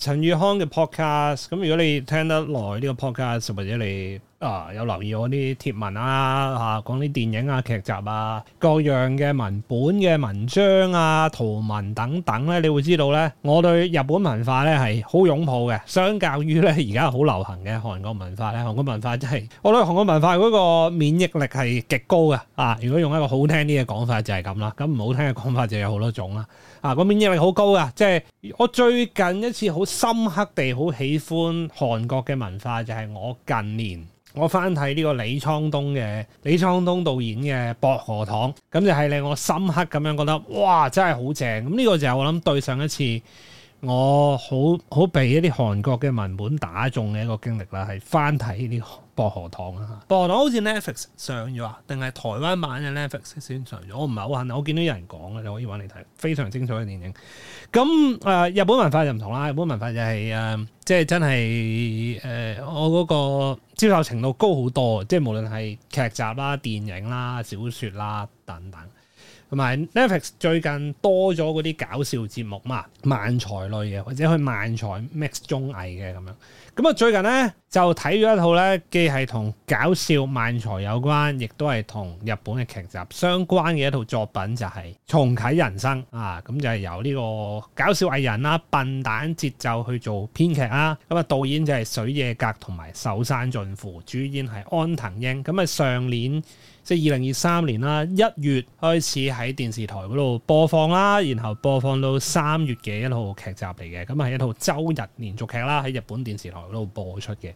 陳宇康嘅 podcast，咁如果你聽得耐呢個 podcast，或者你啊有留意我啲貼文啊，嚇、啊、講啲電影啊、劇集啊、各樣嘅文本嘅文章啊、圖文等等咧，你會知道咧，我對日本文化咧係好擁抱嘅，相較於咧而家好流行嘅韓國文化咧，韓國文化真係我對韓國文化嗰個免疫力係極高嘅啊！如果用一個好聽啲嘅講法就係咁啦，咁唔好聽嘅講法就有好多種啦啊！個免疫力好高嘅，即係我最近一次好深刻地好喜歡韓國嘅文化，就係、是、我近年我翻睇呢個李滄東嘅李滄東導演嘅《薄荷糖》，咁就係令我深刻咁樣覺得，哇！真係好正咁呢、這個就係我諗對上一次。我好好被一啲韓國嘅文本打中嘅一個經歷啦，係翻睇呢啲薄荷糖啊！薄荷糖好似 Netflix 上咗啊，定係台灣版嘅 Netflix 先上咗？我唔係好肯定。我見到有人講嘅，你可以揾嚟睇，非常精彩嘅電影。咁誒、呃，日本文化就唔同啦。日本文化就係、是、誒、呃，即係真係誒、呃，我嗰個接受程度高好多，即係無論係劇集啦、電影啦、小說啦等等。同埋 Netflix 最近多咗嗰啲搞笑節目嘛，漫才類嘅或者去漫才 max 綜藝嘅咁樣。咁啊最近呢，就睇咗一套呢，既係同搞笑漫才有關，亦都係同日本嘅劇集相關嘅一套作品，就係、是《重啟人生》啊。咁就係、是、由呢個搞笑藝人啦，笨蛋節奏去做編劇啊。咁啊導演就係水野格同埋壽山俊夫，主演係安藤櫻。咁啊上年即係二零二三年啦，一月開始。喺電視台嗰度播放啦，然後播放到三月嘅一套劇集嚟嘅，咁係一套周日連續劇啦，喺日本電視台嗰度播出嘅。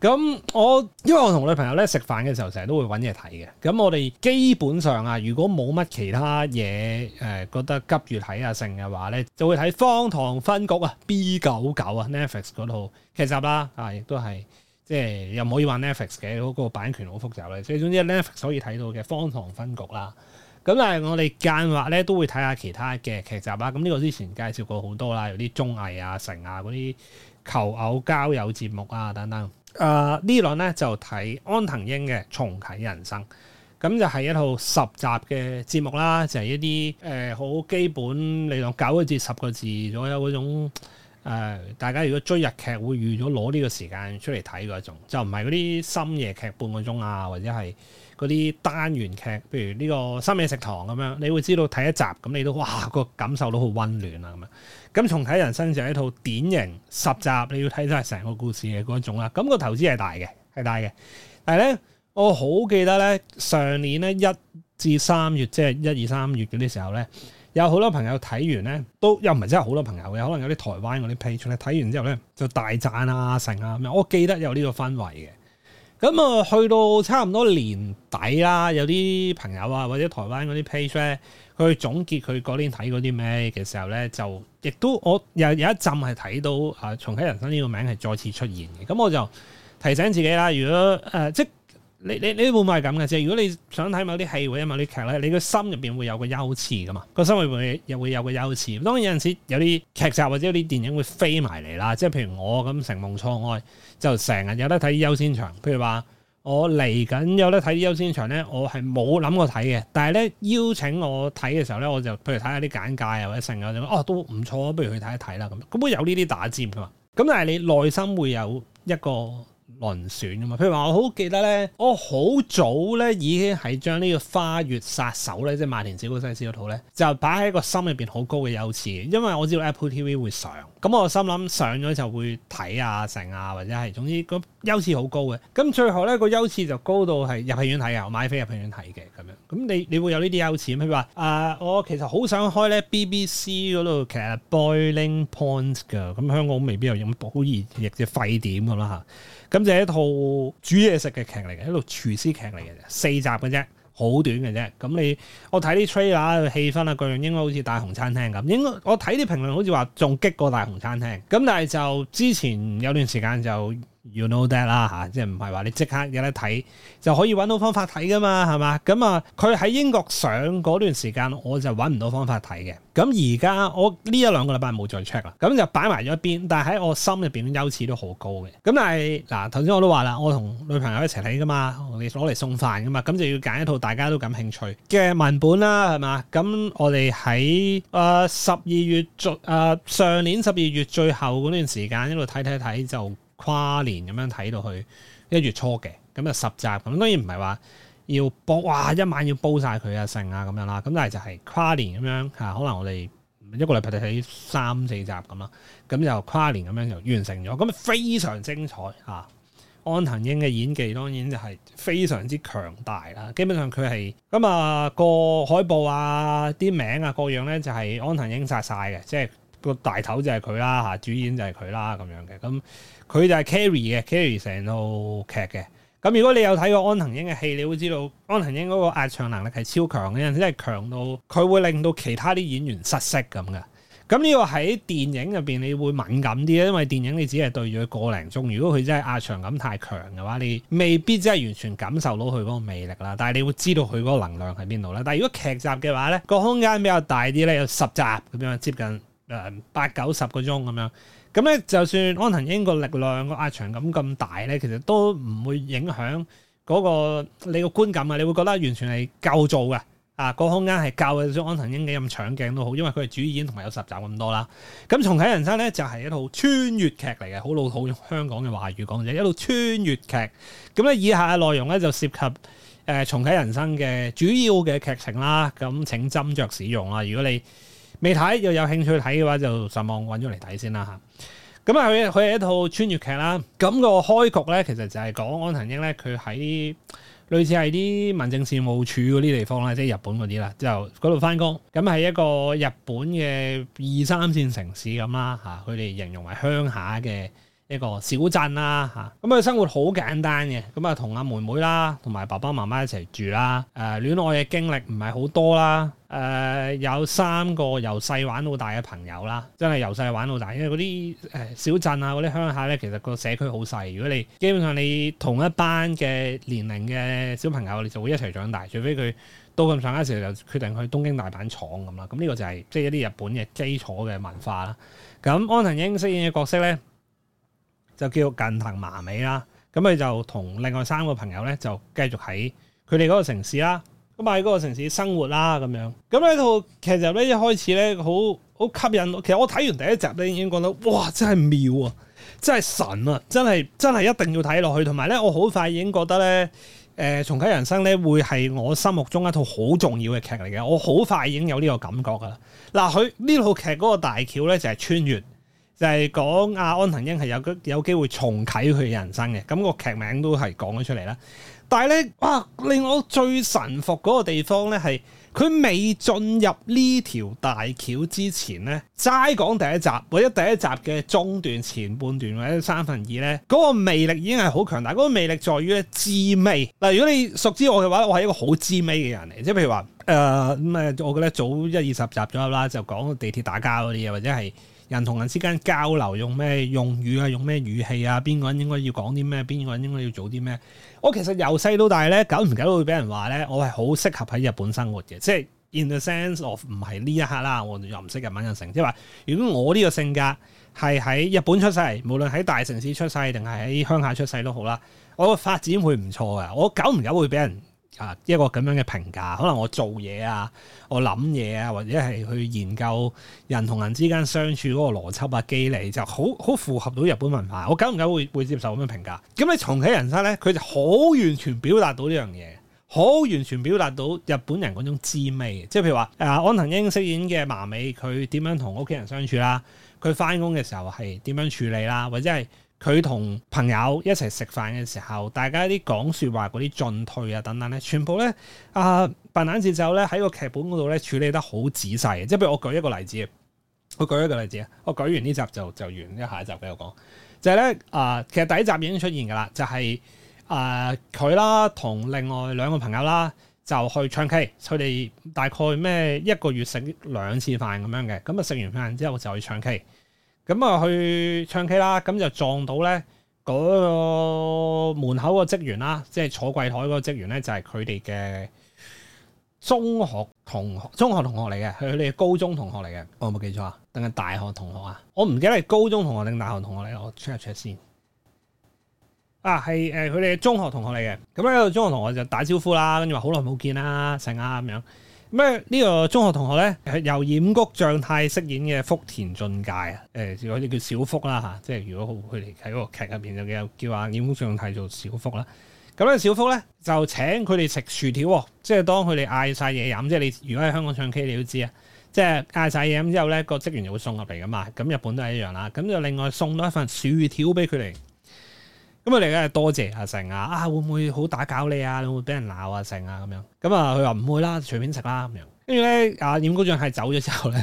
咁我因為我同女朋友咧食飯嘅時候，成日都會搵嘢睇嘅。咁我哋基本上啊，如果冇乜其他嘢誒、呃，覺得急住睇下性嘅話呢，就會睇《荒唐分局》啊，B 九九啊，Netflix 嗰套劇集啦，啊，亦都係即係又唔可以話 Netflix 嘅嗰、嗰個版權好複雜咧。所以總之，Netflix 可以睇到嘅《荒唐分局》啦。咁但係我哋間話咧都會睇下其他嘅劇集啦。咁、這、呢個之前介紹過好多啦，有啲綜藝啊、成啊嗰啲求偶交友節目啊等等。誒、呃、呢輪咧就睇安藤櫻嘅《重啟人生》，咁就係一套十集嘅節目啦，就係、是、一啲誒好基本，你當九個字十個字左右嗰種。誒、呃，大家如果追日劇會預咗攞呢個時間出嚟睇嗰一種，就唔係嗰啲深夜劇半個鐘啊，或者係嗰啲單元劇，譬如呢個深夜食堂咁樣，你會知道睇一集咁你都哇，個感受都好溫暖啊咁樣。咁重啟人生就係一套典型十集你要睇曬成個故事嘅嗰一種啦。咁個投資係大嘅，係大嘅。但係咧，我好記得咧，上年咧一至三月，即係一二三月嗰啲時候咧。有好多朋友睇完咧，都又唔係真係好多朋友嘅。可能有啲台灣嗰啲 page 咧睇完之後咧就大讚啊、盛啊咁樣。我記得有呢個氛圍嘅。咁、嗯、啊，去到差唔多年底啦，有啲朋友啊或者台灣嗰啲 page 咧，佢去總結佢嗰年睇嗰啲咩嘅時候咧，就亦都我又有一陣係睇到啊《重啟人生》呢個名係再次出現嘅。咁、嗯、我就提醒自己啦，如果誒、呃、即你你你會唔會係咁嘅啫？如果你想睇某啲戲或者某啲劇咧，你個心入邊會有個優次噶嘛？個心入邊又會有個優次。當然有陣時有啲劇集或者有啲電影會飛埋嚟啦。即係譬如我咁《成夢錯愛》就成日有得睇優先場。譬如話我嚟緊有得睇優先場咧，我係冇諗過睇嘅。但係咧邀請我睇嘅時候咧，我就譬如睇下啲簡介或者剩嗰啲，哦、啊、都唔錯啊，不如去睇一睇啦咁。咁會有呢啲打尖噶嘛？咁但係你內心會有一個輪選㗎嘛，譬如話我好記得咧，我好早咧已經係將呢個花月殺手咧，即係馬田小高西斯嗰套咧，就擺喺個心入邊好高嘅優次，因為我知道 Apple TV 會上。咁、嗯、我心諗上咗就會睇啊成啊或者係，總之個優次好高嘅。咁最後咧、個優次就高到係入戲院睇啊，我買飛入戲院睇嘅咁樣。咁你你會有呢啲優次咩？譬如話啊、呃，我其實好想開咧 BBC 嗰度劇 Boiling Point 嘅，咁香港未必有飲好熱嘅沸點咁啦嚇。咁就一套煮嘢食嘅劇嚟嘅，一套廚師劇嚟嘅啫，四集嘅啫。好短嘅啫，咁你我睇啲 t r a i e r 氣氛啊，各樣應該好似大紅餐廳咁。應該我睇啲評論，好似話仲激過大紅餐廳。咁但係就之前有段時間就 you know that 啦、啊、嚇，即係唔係話你即刻有得睇就可以揾到方法睇噶嘛，係嘛？咁啊，佢喺英國上嗰段時間，我就揾唔到方法睇嘅。咁而家我呢一兩個禮拜冇再 check 啦，咁就擺埋咗一邊。但係喺我心入邊，優先都好高嘅。咁但係嗱，頭先我都話啦，我同女朋友一齊睇噶嘛。攞嚟送飯噶嘛，咁就要揀一套大家都感興趣嘅文本啦，係嘛？咁我哋喺誒十二月最誒、呃、上年十二月最後嗰段時間一路睇睇睇，就跨年咁樣睇到去一月初嘅，咁就十集咁。當然唔係話要煲，哇一晚要煲晒佢啊剩啊咁樣啦。咁但係就係跨年咁樣嚇、啊，可能我哋一個禮拜睇三四集咁咯。咁就跨年咁樣就完成咗，咁啊非常精彩嚇。啊安藤櫻嘅演技當然就係非常之強大啦，基本上佢係咁啊個海報啊啲名啊各樣咧就係安藤櫻殺晒嘅，即係個大頭就係佢啦嚇，主演就係佢啦咁樣嘅，咁佢就係 carry 嘅，carry 成套劇嘅。咁如果你有睇過安藤櫻嘅戲，你會知道安藤櫻嗰個壓場能力係超強嘅，因為真係強到佢會令到其他啲演員失色咁嘅。咁呢個喺電影入邊，你會敏感啲咧，因為電影你只係對住佢個零鐘。如果佢真係壓場感太強嘅話，你未必真係完全感受到佢嗰個魅力啦。但係你會知道佢嗰個能量喺邊度啦。但係如果劇集嘅話咧，個空間比較大啲咧，有十集咁樣，接近誒八九十個鐘咁樣。咁咧，就算安藤櫻個力量個壓場感咁大咧，其實都唔會影響嗰、嗰個你個觀感啊！你會覺得完全係夠做嘅。啊，個空間係教嘅，就算安藤櫻幾咁搶鏡都好，因為佢係主演，同埋有十集咁多啦。咁《重啟人生》呢咧就係、是、一套穿越劇嚟嘅，好老土用香港嘅話語講就係一套穿越劇。咁咧以下嘅內容咧就涉及誒，呃，《重啟人生》嘅主要嘅劇情啦。咁請斟酌使用啦。如果你未睇又有興趣睇嘅話，就上網揾咗嚟睇先啦嚇。咁啊，佢佢係一套穿越劇啦。咁、那個開局咧，其實就係講安藤櫻咧，佢喺類似係啲民政事務處嗰啲地方啦，即係日本嗰啲啦，就嗰度返工，咁係一個日本嘅二三線城市咁啦，嚇，佢哋形容為鄉下嘅。一個小鎮啦嚇，咁、啊、佢生活好簡單嘅，咁啊同阿妹妹啦，同埋爸爸媽媽一齊住啦。誒、呃、戀愛嘅經歷唔係好多啦。誒、呃、有三個由細玩到大嘅朋友啦，真係由細玩到大，因為嗰啲誒小鎮啊，嗰啲鄉下咧，其實個社區好細。如果你基本上你同一班嘅年齡嘅小朋友，你就會一齊長大，除非佢到咁上下時候就決定去東京大阪廠咁啦。咁呢個就係即係一啲日本嘅基礎嘅文化啦。咁安藤櫻飾演嘅角色咧。就叫近藤麻美啦，咁佢就同另外三個朋友咧，就繼續喺佢哋嗰個城市啦，咁啊喺嗰個城市生活啦咁樣。咁呢套劇集咧一開始咧，好好吸引。其實我睇完第一集咧，已經覺得哇，真係妙啊，真係神啊，真係真係一定要睇落去。同埋咧，我好快已經覺得咧，誒、呃、重啟人生咧會係我心目中一套好重要嘅劇嚟嘅。我好快已經有呢個感覺噶啦。嗱、啊，佢呢套劇嗰個大橋咧就係穿越。就係講阿安藤櫻係有機有機會重啟佢人生嘅，咁個劇名都係講咗出嚟啦。但係咧，哇！令我最神服嗰個地方咧，係佢未進入呢條大橋之前咧，齋講第一集或者第一集嘅中段前半段或者三分二咧，嗰個魅力已經係好強大。嗰個魅力在於咧，滋味嗱。如果你熟知我嘅話，我係一個好滋味嘅人嚟，即係譬如話，誒咁誒，我覺得早一二十集左右啦，就講地鐵打交嗰啲嘢或者係。人同人之間交流用咩用語啊，用咩語氣啊？邊個人應該要講啲咩？邊個人應該要做啲咩？我其實由細到大咧，久唔久都會俾人話咧，我係好適合喺日本生活嘅。即係 in the sense of 唔係呢一刻啦，我又唔識日文嘅成。即係話，如果我呢個性格係喺日本出世，無論喺大城市出世定係喺鄉下出世都好啦，我個發展會唔錯嘅。我久唔久會俾人。啊，一個咁樣嘅評價，可能我做嘢啊，我諗嘢啊，或者係去研究人同人之間相處嗰個邏輯啊、機理，就好好符合到日本文化，我緊唔緊會會接受咁嘅評價？咁你重啟人生咧，佢就好完全表達到呢樣嘢，好完全表達到日本人嗰種滋味。即係譬如話，誒安藤櫻飾演嘅麻美，佢點樣同屋企人相處啦？佢返工嘅時候係點樣處理啦？或者係？佢同朋友一齊食飯嘅時候，大家啲講説話嗰啲進退啊等等咧，全部咧啊，笨蛋節奏咧喺個劇本嗰度咧處理得好仔細嘅。即係譬如我舉一個例子，我舉一個例子啊。我舉完呢集就就完，下一集畀我講。就係咧啊，其實第一集已經出現㗎啦，就係啊佢啦同另外兩個朋友啦就去唱 K，佢哋大概咩一個月食兩次飯咁樣嘅。咁啊食完飯之後就去唱 K。咁啊、嗯，去唱 K 啦，咁就撞到咧嗰、嗰個門口個職員啦，即係坐櫃台嗰個職員咧，就係佢哋嘅中學同學，中學同學嚟嘅，係佢哋嘅高中同學嚟嘅，我有冇記錯啊？定係大學同學啊？我唔記得係高中同學定大學同學嚟，我 check 一 check 先。啊，係誒，佢哋嘅中學同學嚟嘅，咁、嗯、咧、嗰個、中學同學就打招呼啦，跟住話好耐冇見啦，成啊咁樣。咩呢個中學同學？咧係由染谷將太飾演嘅福田俊介啊，誒、呃，好似叫小福啦吓，即係如果佢哋喺個劇入邊又又叫阿染谷將太做小福啦。咁、啊、咧小福咧、啊那個、就請佢哋食薯條，即係當佢哋嗌晒嘢飲，即係你如果喺香港唱 K 你都知啊，即係嗌晒嘢飲之後咧個職員就會送入嚟噶嘛，咁日本都係一樣啦。咁、啊、就另外送多一份薯條俾佢哋。咁啊！你而家多謝阿成啊！啊，會唔會好打攪你啊？你會唔會俾人鬧啊,啊？成啊咁樣？咁啊，佢話唔會啦，隨便食啦咁樣。跟住咧，阿冉工長係走咗之後咧，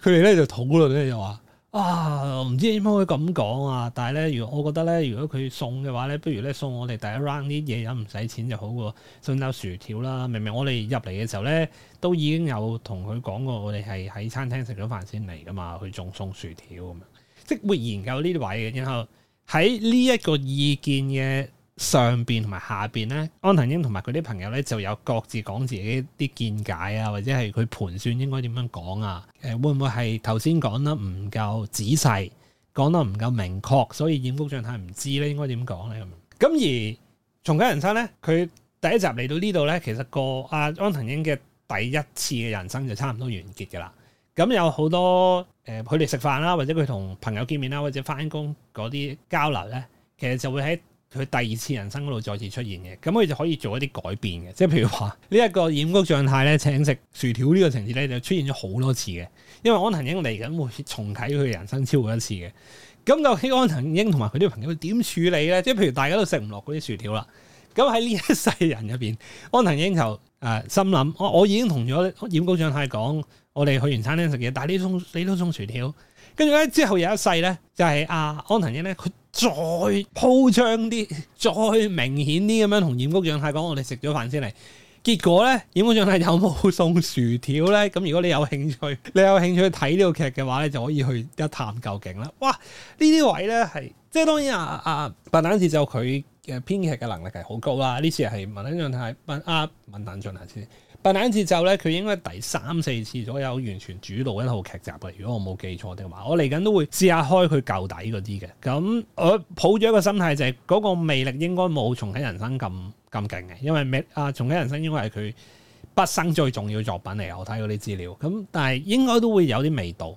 佢哋咧就討論咧就話啊，唔知點解可以咁講啊？但係咧，如我覺得咧，如果佢送嘅話咧，不如咧送我哋第一 round 啲嘢飲唔使錢就好過送包薯條啦，明明我哋入嚟嘅時候咧，都已經有同佢講過，我哋係喺餐廳食咗飯先嚟噶嘛，佢仲送薯條咁樣，即係會研究呢啲位嘅然後。喺呢一個意見嘅上邊同埋下邊咧，安藤櫻同埋佢啲朋友咧就有各自講自己啲見解啊，或者係佢盤算應該點樣講啊，誒，會唔會係頭先講得唔夠仔細，講得唔夠明確，所以染谷將太唔知咧應該點講咧咁。咁而《重啟人生》咧，佢第一集嚟到呢度咧，其實個阿安藤櫻嘅第一次嘅人生就差唔多完結㗎喇。咁有好多誒，佢哋食飯啦，或者佢同朋友見面啦，或者翻工嗰啲交流咧，其實就會喺佢第二次人生嗰度再次出現嘅。咁佢就可以做一啲改變嘅，即係譬如話呢一個染谷狀態咧，請食薯條個呢個情節咧，就出現咗好多次嘅。因為安藤櫻嚟緊會重啟佢人生超過一次嘅。咁究竟安藤櫻同埋佢啲朋友點處理咧？即係譬如大家都食唔落嗰啲薯條啦。咁喺呢一世人入邊，安藤櫻就。誒心諗，我我已經同咗染谷將太講，我哋去完餐廳食嘢，但係呢送呢都送薯條。跟住咧之後有一世咧，就係、是、阿、啊、安藤櫻咧，佢再鋪張啲，再明顯啲咁樣同染谷將太講，我哋食咗飯先嚟。結果咧，染谷將太有冇送薯條咧？咁如果你有興趣，你有興趣去睇呢個劇嘅話咧，就可以去一探究竟啦。哇！呢啲位咧係，即係當然阿、啊、阿、啊、白蛋地就佢。嘅編劇嘅能力係好高啦，呢次係文膽狀態，文啊文膽狀態先。文膽節奏咧，佢應該第三四次左右完全主導一套劇集嘅。如果我冇記錯嘅話，我嚟緊都會試下開佢舊底嗰啲嘅。咁、嗯、我抱住一個心態、就是，就係嗰個魅力應該冇《重啟人生》咁咁勁嘅，因為啊，《重啟人生》應該係佢畢生最重要作品嚟，我睇過啲資料。咁、嗯、但係應該都會有啲味道。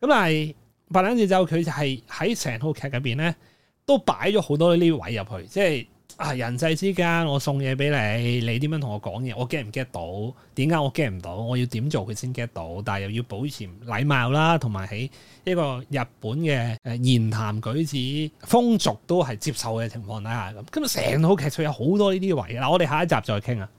咁但係文膽節奏，佢就係喺成套劇入邊咧。都擺咗好多呢啲位入去，即係啊人際之間，我送嘢俾你，你點樣同我講嘢，我 get 唔 get 到？點解我 get 唔到？我要點做佢先 get 到？但係又要保持禮貌啦，同埋喺一個日本嘅誒言談舉止風俗都係接受嘅情況底下咁，今日成套劇情有好多呢啲位，嗱，我哋下一集再傾啊！